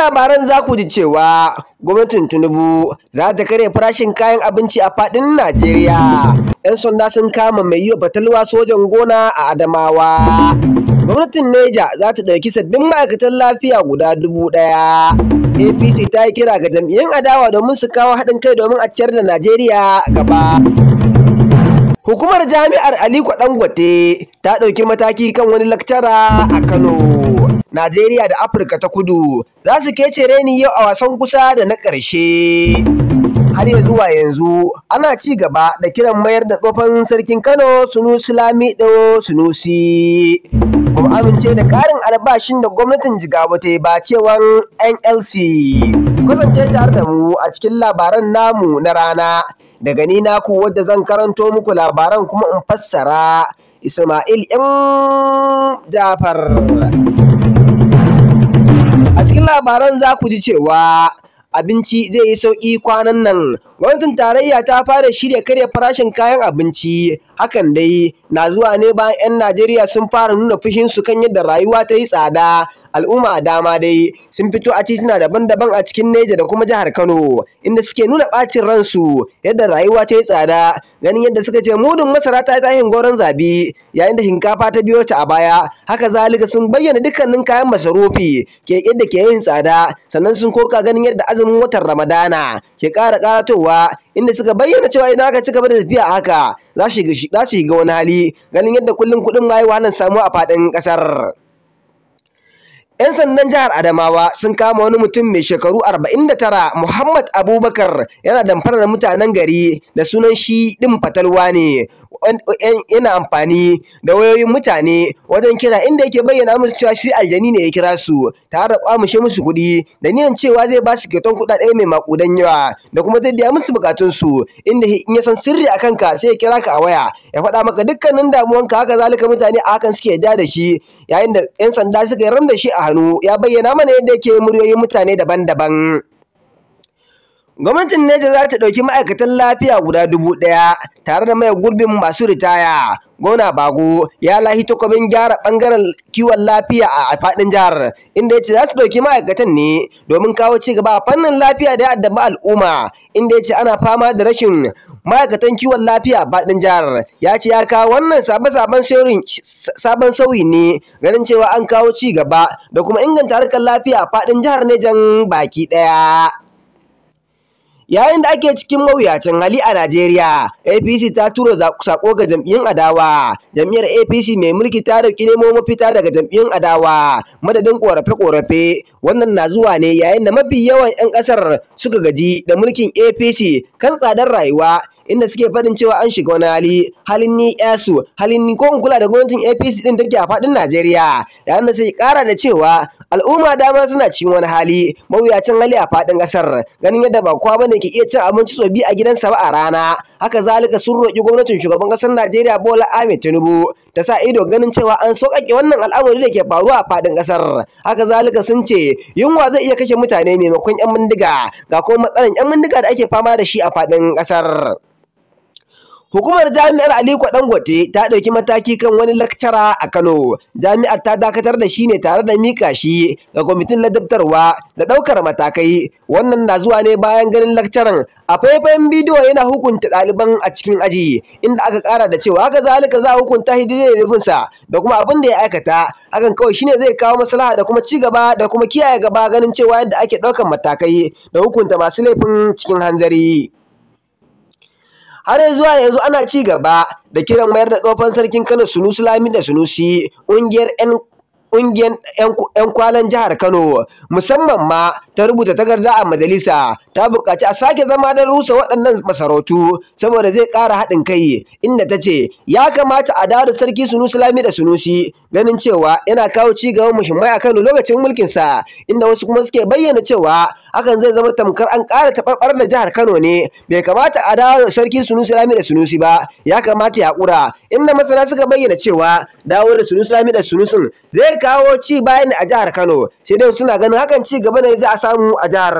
labaran za ku ji cewa gwamnatin Tinubu za ta karya farashin kayan abinci a fadin Najeriya. 'Yan sanda sun kama mai yiwa batalwa sojan gona a Adamawa. Gwamnatin Neja za ta ɗauki sabbin ma'aikatan lafiya guda dubu ɗaya. APC ta yi kira ga jam'iyyun adawa domin su kawo haɗin kai domin a ciyar da Najeriya gaba. Hukumar Jami'ar Aliko Dangote ta ɗauki mataki kan wani lakcara a Kano. Najeriya da Afirka ta Kudu za su kece reni yau a wasan kusa da na ƙarshe. Har ya zuwa yanzu ana ci gaba da kiran mayar da tsofan sarkin Kano Sunusi Lamido Sunusi. Kuma amince da ƙarin albashin da gwamnatin Jigawa ta yi ba cewan NLC. kusance tare da mu a cikin labaran namu na rana. daga ni naku wadda zan karanto muku labaran kuma in fassara Ismail M. Jafar. A cikin labaran za ku ji cewa abinci zai yi sauƙi kwanan nan. Gwamnatin tarayya ta fara shirya karya farashin kayan abinci. Hakan dai na zuwa ne bayan 'yan Najeriya sun fara nuna fushinsu kan yadda rayuwa ta yi tsada al'umma a dama dai sun fito a tituna daban-daban a cikin Neja da kuma jihar Kano inda suke nuna ɓacin ransu yadda rayuwa ta yi tsada ganin yadda suka ce mudun masara ta yi tsahin goron zabi yayin da shinkafa ta biyo ta a baya haka zalika sun bayyana dukkanin kayan masarufi ke yadda ke yin tsada sannan sun koka ganin yadda azumin watan Ramadana ke ƙara ƙaratowa inda suka bayyana cewa idan aka ci gaba da tafiya haka za su shiga wani hali ganin yadda kullum kuɗin ma yi wahalar samu a faɗin ƙasar. 'Yan sandan jihar Adamawa sun kama wani mutum mai shekaru arba'in da tara Muhammad Abubakar yana damfarar mutanen gari da sunan shi ɗin fatalwa ne yana amfani da wayoyin mutane wajen kira inda yake bayyana musu cewa shi aljani ne ya kira su tare da kwamushe musu kuɗi da niyan cewa zai ba su kyautan kuɗaɗe mai makudan yawa da kuma zai biya musu su inda in ya san sirri a kanka sai ya kira ka a waya ya faɗa maka dukkanin ka haka zalika mutane a hakan suke yarda da shi yayin da 'yan sanda suka yi ran da shi a hannu ya bayyana mana yadda yake muryoyin mutane daban-daban. Gwamnatin Neja za ta ɗauki ma'aikatan lafiya guda dubu ɗaya tare da mai gurbin masu ritaya. Gwamna Bago ya lahi takobin gyara ɓangaren kiwon lafiya a faɗin jihar, inda ya ce za su ɗauki ma'aikatan ne domin kawo ci gaba a fannin lafiya da ya al'umma, inda ya ce ana fama da rashin ma'aikatan kiwon lafiya a faɗin jihar. Ya ce ya kawo wannan sabon sauyi ne ganin cewa an kawo ci gaba da kuma inganta harkar lafiya a faɗin jihar Nejan baki ɗaya. Yayin da ake cikin mawuyacin hali a Najeriya, APC ta tura sako ga jam'iyyun adawa. Jam'iyyar APC mai mulki ta dauki nemo mafita daga jam'iyyun adawa, madadin korafe-korafe. Wannan na zuwa ne yayin da mafi yawan 'yan ƙasar suka gaji da mulkin APC kan tsadar rayuwa inda suke faɗin cewa an shiga wani hali halin ni yasu halin ni ko in kula da gwamnatin APC din take a faɗin Najeriya yayin da sai kara da cewa al'umma dama suna cikin wani hali mawuyacin hali a faɗin kasar ganin yadda ba kowa bane ke iya cin abinci sau biyu a gidansa ba a rana haka zalika sun roƙi gwamnatin shugaban ƙasar Najeriya Bola Ahmed Tinubu ta sa ido ganin cewa an sauƙaƙe wannan al'amari da ke faruwa a faɗin kasar haka zalika sun ce yunwa zai iya kashe mutane maimakon 'yan bindiga ga kuma matsalan 'yan bindiga da ake fama da shi a faɗin ƙasar Hukumar Jami'ar Aliko Dangote ta ɗauki mataki kan wani lakcara a Kano. Jami'ar ta dakatar da shi ne tare da mika shi ga kwamitin ladabtarwa da ɗaukar matakai. Wannan na zuwa ne bayan ganin lakcaran a faifayen bidiyo yana hukunta ɗaliban a cikin aji inda aka ƙara da cewa haka zalika za a hukunta shi daidai da kuma abin da ya aikata. Hakan kawai shine zai kawo maslaha da kuma ci gaba da kuma kiyaye gaba ganin cewa yadda ake ɗaukar matakai da hukunta masu laifin cikin hanzari. har zuwa yanzu ana ci gaba da kiran mayar da tsohon sarkin Kano Sunusi Lami da Sunusi ƙungiyar 'yan ƙungiyar 'yan kwalan jihar Kano musamman ma ta rubuta takarda a majalisa ta buƙaci a sake zama da rusa waɗannan masarautu saboda zai ƙara haɗin kai inda ta ce ya kamata a dawo da sarki Sunusi Lami da Sunusi ganin cewa yana kawo ci gaba muhimmai a Kano lokacin sa, inda wasu kuma suke bayyana cewa hakan zai zama tamkar an ƙara taɓarɓar da jihar Kano ne bai kamata a dawo da sarki Sunusi Lami da Sunusi ba ya kamata ya haƙura inda masana suka bayyana cewa dawo da Sunusi Lami da Sunusin zai kawo ci bayan a jihar Kano sai dai suna ganin hakan ci gaba ne za a samu a jihar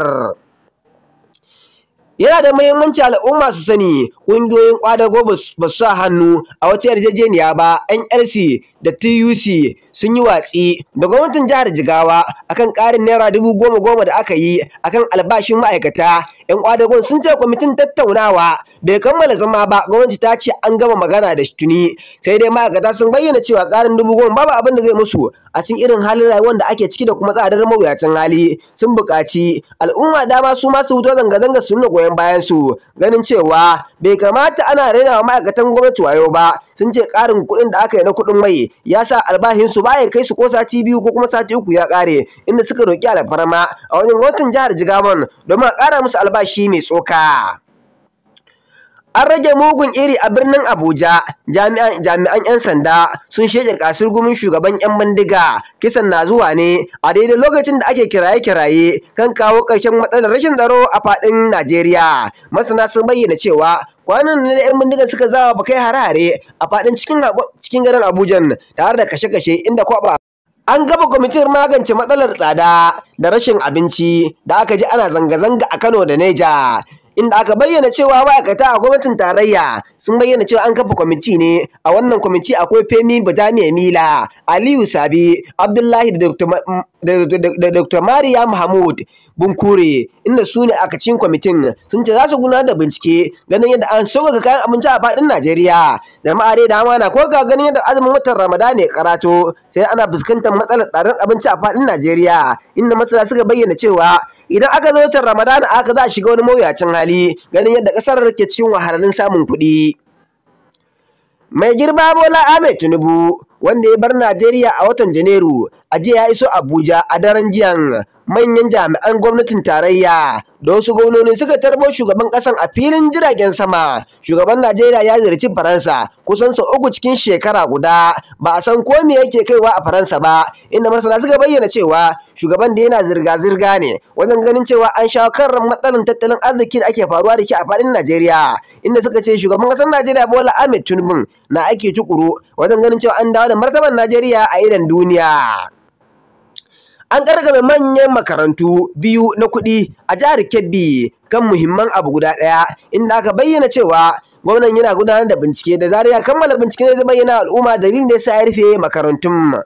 yana da muhimmanci al'umma su sani ƙungiyoyin ƙwadago ba su sa hannu a wata yarjejeniya ba nlc da TUC sun yi watsi da gwamnatin jihar Jigawa akan ƙarin naira dubu goma goma da aka yi akan albashin ma'aikata. 'Yan kwadagon sun ce kwamitin tattaunawa bai kammala zama ba gwamnati ta ce an gama magana da tuni sai dai ma'aikata sun bayyana cewa ƙarin dubu goma babu abin da zai musu a cikin irin halin rayuwar da ake ciki da kuma tsadar mawuyacin hali sun buƙaci al'umma dama su masu fito zanga-zanga su nuna goyon bayan su ganin cewa bai kamata ana raina ma'aikatan gwamnati wayo ba sun ce ƙarin kuɗin da aka yi na kuɗin mai yasa ya sa baya kai su ko sati biyu ko kuma sati uku ya ƙare inda suka roki alfarma a wajen gwamnatin jihar Jigawan domin a ƙara musu albashi mai tsoka. An rage mugun iri a birnin Abuja, jami'an 'yan sanda sun sheke kasir gumin shugaban 'yan bindiga, kisan na zuwa ne a daidai lokacin da ake kiraye-kiraye kan kawo ƙarshen matsalar rashin tsaro a faɗin Najeriya. Masana sun bayyana cewa kwanan da 'yan bindiga suka zawa bakai harare a faɗin cikin garin Abuja tare da kashe-kashe inda kwaba. An gaba kwamitin magance matsalar tsada da rashin abinci da aka ji ana zanga-zanga a Kano da Neja. inda aka bayyana cewa ma'aikata a gwamnatin tarayya sun bayyana cewa an kafa kwamiti ne a wannan kwamiti akwai femi bajamiya mila aliyu sabi abdullahi da dr mariya mahmud bunkure inda su ne aka cin kwamitin sun ce za su gudanar da bincike ganin yadda an sauƙaƙa kayan abinci a faɗin najeriya jama'a dai dama na koka ganin yadda azumin watan ramadan ne karato sai ana fuskantar matsalar tsarin abinci a faɗin najeriya inda masana suka bayyana cewa idan aka zo watan ramadana aka za a shiga wani mawuyacin hali ganin yadda ƙasar ke cikin wahalarin samun kuɗi mai girma bola ahmed tinubu wanda ya bar najeriya a watan janairu a jiya ya iso abuja a daren jiyan manyan jami'an gwamnatin tarayya da wasu gwamnoni suka tarbo shugaban kasan a filin jiragen sama shugaban najeriya ya ziyarci faransa kusan sau uku cikin shekara guda ba a san ko me yake kaiwa a faransa ba inda masana suka bayyana cewa shugaban da yana zirga-zirga ne wajen ganin cewa an shawo kan matsalan tattalin arziki da ake faruwa da shi a faɗin najeriya inda suka ce shugaban ƙasar najeriya bola ahmed tinubu na aiki tukuru wajen ganin cewa an dawo da martaban najeriya a idan duniya an gargame manyan makarantu biyu na kuɗi a jihar Kebbi kan muhimman abu guda ɗaya inda aka bayyana cewa gwamnan yana gudanar da bincike da zariya ya kammala bincike zai bayyana al'umma dalilin da ya sa ya rufe makarantun.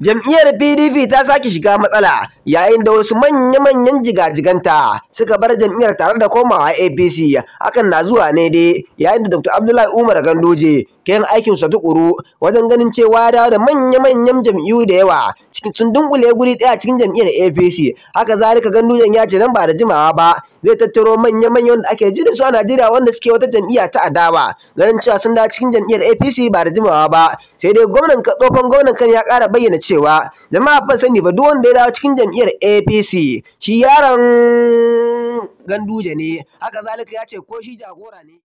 Jam'iyyar PDP ta sake shiga matsala yayin da wasu manya-manyan jigajiganta suka bar jam'iyyar tare da komawa APC hakan na zuwa ne dai yayin da Dr. Abdullahi Umar Gandoje ke yin aikin sa tukuru wajen ganin cewa ya dawo da manya-manyan jam'iyyu da yawa cikin sun dunkule guri daya cikin jam'iyyar APC haka zalika Gandojen ya ce nan ba da jimawa ba zai tattaro manya-manyan da ake jin su a Najeriya wanda suke wata jam'iyya ta adawa ganin cewa sun dawo cikin jam'iyyar APC ba da jimawa ba sai dai gwamnan tsofan gwamnan kan ya kara bayyana cewa jama'a ban sani ba duk wanda ya dawo cikin jam'iyyar APC shi yaron Ganduje ne haka zalika ya ce ko shi jagora ne